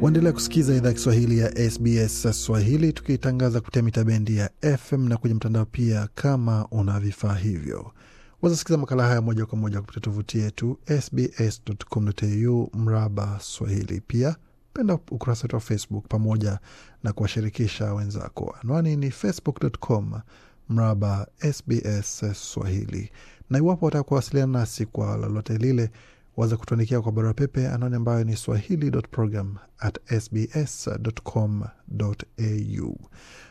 Waendelea kusikiza idhaa Kiswahili ya SBS Swahili, tukitangaza kupitia mita bendi ya FM na kwenye mtandao pia. Kama una vifaa hivyo, wazasikiza makala haya moja kwa moja kupitia tovuti yetu sbs.com.au mraba Swahili. Pia penda ukurasa wetu wa Facebook pamoja na kuwashirikisha wenzako. Anwani ni facebook.com mraba SBS Swahili, na iwapo wataka kuwasiliana nasi kwa lolote lile waweza kutuandikia kwa barua pepe anaoni ambayo ni swahili.program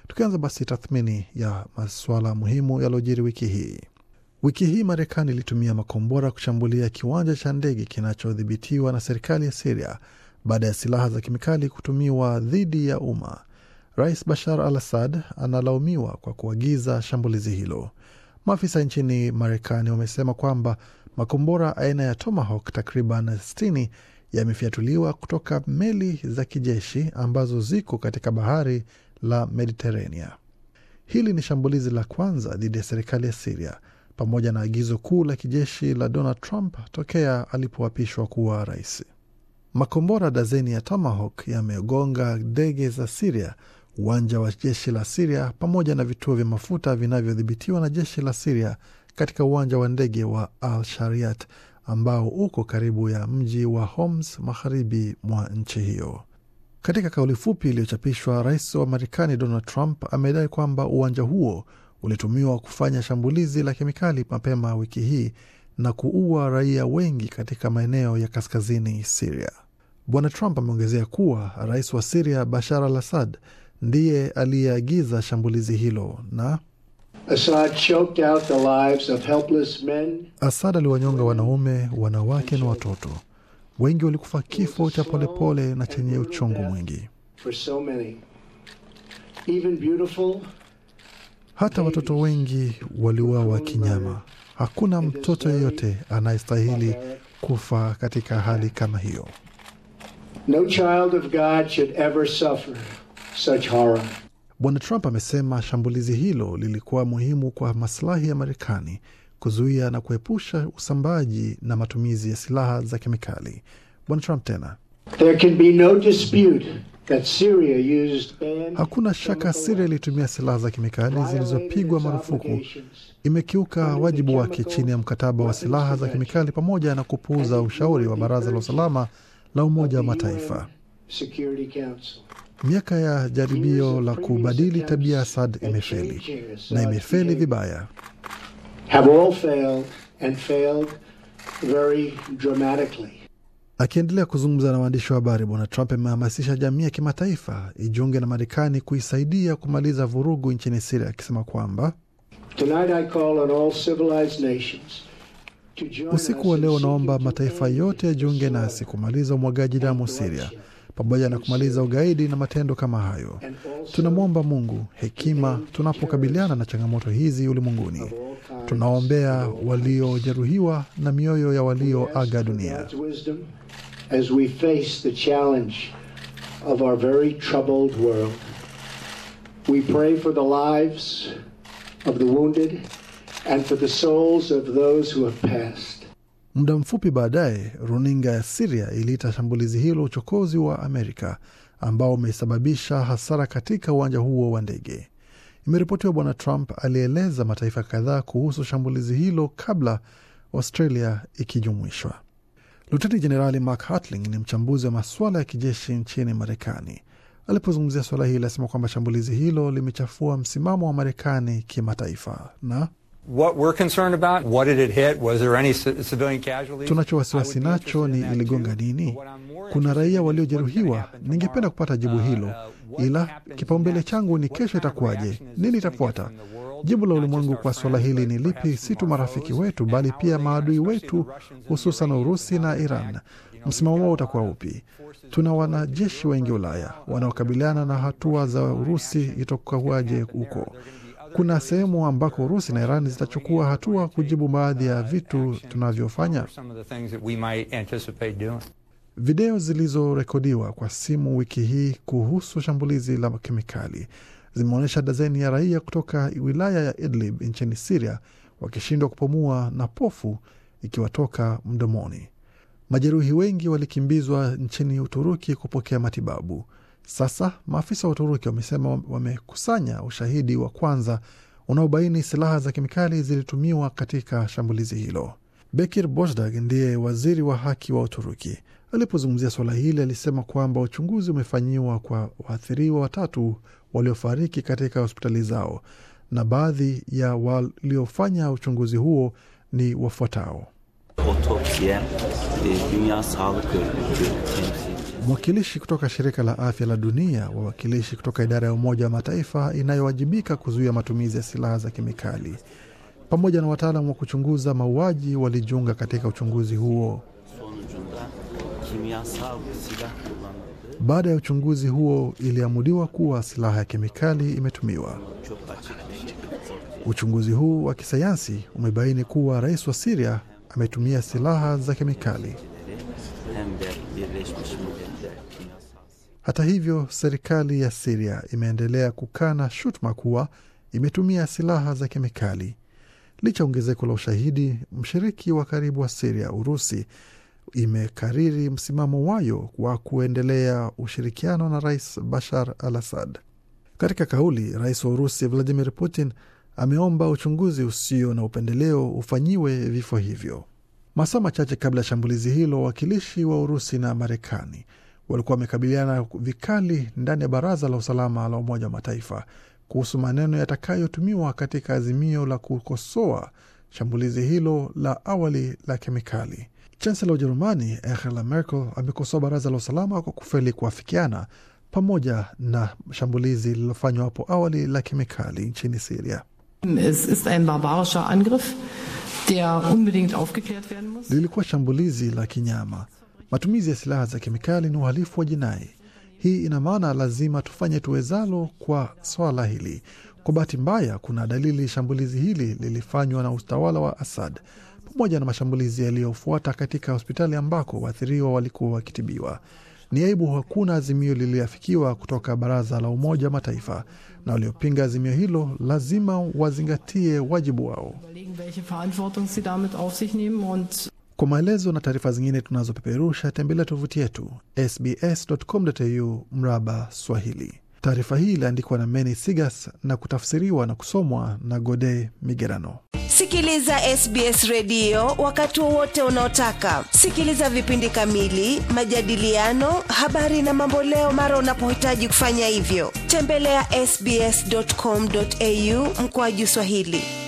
Tukianza basi tathmini ya masuala muhimu yaliyojiri wiki hii. Wiki hii Marekani ilitumia makombora kushambulia kiwanja cha ndege kinachodhibitiwa na serikali ya Siria baada ya silaha za kemikali kutumiwa dhidi ya umma. Rais Bashar al Assad analaumiwa kwa kuagiza shambulizi hilo. Maafisa nchini Marekani wamesema kwamba makombora aina ya Tomahawk takriban 60 yamefyatuliwa kutoka meli za kijeshi ambazo ziko katika bahari la Mediterania. Hili ni shambulizi la kwanza dhidi ya serikali ya Siria pamoja na agizo kuu la kijeshi la Donald Trump tokea alipoapishwa kuwa rais. Makombora dazeni ya Tomahawk yamegonga ndege za Siria uwanja wa jeshi la Siria pamoja na vituo vya mafuta vinavyodhibitiwa na jeshi la Siria katika uwanja wa ndege wa Al Shariat ambao uko karibu ya mji wa Homs magharibi mwa nchi hiyo. Katika kauli fupi iliyochapishwa, rais wa Marekani Donald Trump amedai kwamba uwanja huo ulitumiwa kufanya shambulizi la kemikali mapema wiki hii na kuua raia wengi katika maeneo ya kaskazini Siria. Bwana Trump ameongezea kuwa rais wa Siria Bashar al Assad ndiye aliyeagiza shambulizi hilo na Asad aliwanyonga wanaume, wanawake na watoto. Wengi walikufa kifo cha polepole na chenye uchungu mwingi. Hata watoto wengi waliuawa kinyama. Hakuna mtoto yeyote anayestahili kufa katika hali kama hiyo. No child of God should ever suffer such horror. Bwana Trump amesema shambulizi hilo lilikuwa muhimu kwa maslahi ya Marekani kuzuia na kuepusha usambaji na matumizi ya silaha za kemikali. Bwana Trump tena, There can be no dispute that Syria used hakuna shaka Siria ilitumia silaha za kemikali zilizopigwa marufuku, imekiuka wajibu wake chini ya mkataba wa silaha za kemikali, pamoja na kupuuza ushauri wa Baraza la Usalama la Umoja wa Mataifa. Miaka ya jaribio la kubadili tabia ya Assad imefeli na imefeli vibaya. Akiendelea kuzungumza na waandishi wa habari, Bwana Trump amehamasisha jamii ya kimataifa ijiunge na Marekani kuisaidia kumaliza vurugu nchini Siria, akisema kwamba usiku wa leo naomba mataifa yote yajiunge nasi kumaliza umwagaji damu Siria pamoja na kumaliza ugaidi na matendo kama hayo. Tunamwomba Mungu hekima tunapokabiliana na changamoto hizi ulimwenguni. Tunaombea waliojeruhiwa na mioyo ya walioaga dunia. and for the souls of those who have passed. Muda mfupi baadaye, runinga ya Siria iliita shambulizi hilo uchokozi wa Amerika ambao umesababisha hasara katika uwanja huo wa ndege. Imeripotiwa Bwana Trump alieleza mataifa kadhaa kuhusu shambulizi hilo kabla Australia ikijumuishwa. Luteni Jenerali Mark Hartling ni mchambuzi wa masuala ya kijeshi nchini Marekani. Alipozungumzia suala hili, alisema kwamba shambulizi hilo limechafua msimamo wa Marekani kimataifa na tunachowasiwasi nacho ni iligonga nini? Kuna raia waliojeruhiwa? Ningependa kupata jibu uh, hilo, ila kipaumbele changu ni kesho itakuwaje, nini itafuata. Jibu la ulimwengu kwa suala hili ni lipi? Si tu marafiki wetu, bali pia maadui wetu, hususan Urusi na Iran. Msimamo wao utakuwa upi? Tuna wanajeshi wengi Ulaya wanaokabiliana na hatua za Urusi, itakuwaje huko? kuna sehemu ambako Urusi na Iran zitachukua hatua kujibu baadhi ya vitu tunavyofanya. Video zilizorekodiwa kwa simu wiki hii kuhusu shambulizi la kemikali zimeonyesha dazeni ya raia kutoka wilaya ya Idlib nchini Siria wakishindwa kupumua na pofu ikiwatoka mdomoni. Majeruhi wengi walikimbizwa nchini Uturuki kupokea matibabu. Sasa maafisa wa Uturuki wamesema wamekusanya ushahidi wa kwanza unaobaini silaha za kemikali zilitumiwa katika shambulizi hilo. Bekir Bozdag ndiye waziri wa haki wa Uturuki. Alipozungumzia suala hili, alisema kwamba uchunguzi umefanyiwa kwa waathiriwa watatu waliofariki katika hospitali zao, na baadhi ya waliofanya uchunguzi huo ni wafuatao. Mwakilishi kutoka shirika la afya la dunia, wawakilishi kutoka idara ya Umoja wa Mataifa inayowajibika kuzuia matumizi ya silaha za kemikali, pamoja na wataalam wa kuchunguza mauaji walijiunga katika uchunguzi huo. Baada ya uchunguzi huo, iliamuliwa kuwa silaha ya kemikali imetumiwa. Uchunguzi huu wa kisayansi umebaini kuwa rais wa Siria ametumia silaha za kemikali. Hata hivyo, serikali ya Siria imeendelea kukana shutuma kuwa imetumia silaha za kemikali. Licha ongezeko la ushahidi, mshiriki wa karibu wa Siria, Urusi, imekariri msimamo wayo wa kuendelea ushirikiano na Rais Bashar al Assad. Katika kauli, rais wa Urusi Vladimir Putin ameomba uchunguzi usio na upendeleo ufanyiwe vifo hivyo. Masaa machache kabla ya shambulizi hilo, wawakilishi wa Urusi na Marekani walikuwa wamekabiliana vikali ndani ya Baraza la Usalama la Umoja wa Mataifa kuhusu maneno yatakayotumiwa katika azimio la kukosoa shambulizi hilo la awali la kemikali. chancela wa Ujerumani Angela Merkel amekosoa Baraza la Usalama kwa kufeli kuafikiana pamoja na shambulizi lililofanywa hapo awali la kemikali nchini Siria. Es ist ein barbarischer Angriff der unbedingt aufgeklärt werden muss. Lilikuwa shambulizi la kinyama Matumizi ya silaha za kemikali ni uhalifu wa jinai. Hii ina maana lazima tufanye tuwezalo kwa swala hili. Kwa bahati mbaya, kuna dalili shambulizi hili lilifanywa na utawala wa Assad pamoja na mashambulizi yaliyofuata katika hospitali ambako waathiriwa walikuwa wakitibiwa. Ni aibu, hakuna azimio liliafikiwa kutoka Baraza la Umoja Mataifa, na waliopinga azimio hilo lazima wazingatie wajibu wao. Kwa maelezo na taarifa zingine tunazopeperusha tembelea tovuti yetu sbs.com.au mraba Swahili. Taarifa hii iliandikwa na Meni Sigas na kutafsiriwa na kusomwa na Gode Migerano. Sikiliza SBS redio wakati wowote unaotaka. Sikiliza vipindi kamili, majadiliano, habari na mamboleo mara unapohitaji kufanya hivyo. Tembelea ya sbs.com.au mkoaju Swahili.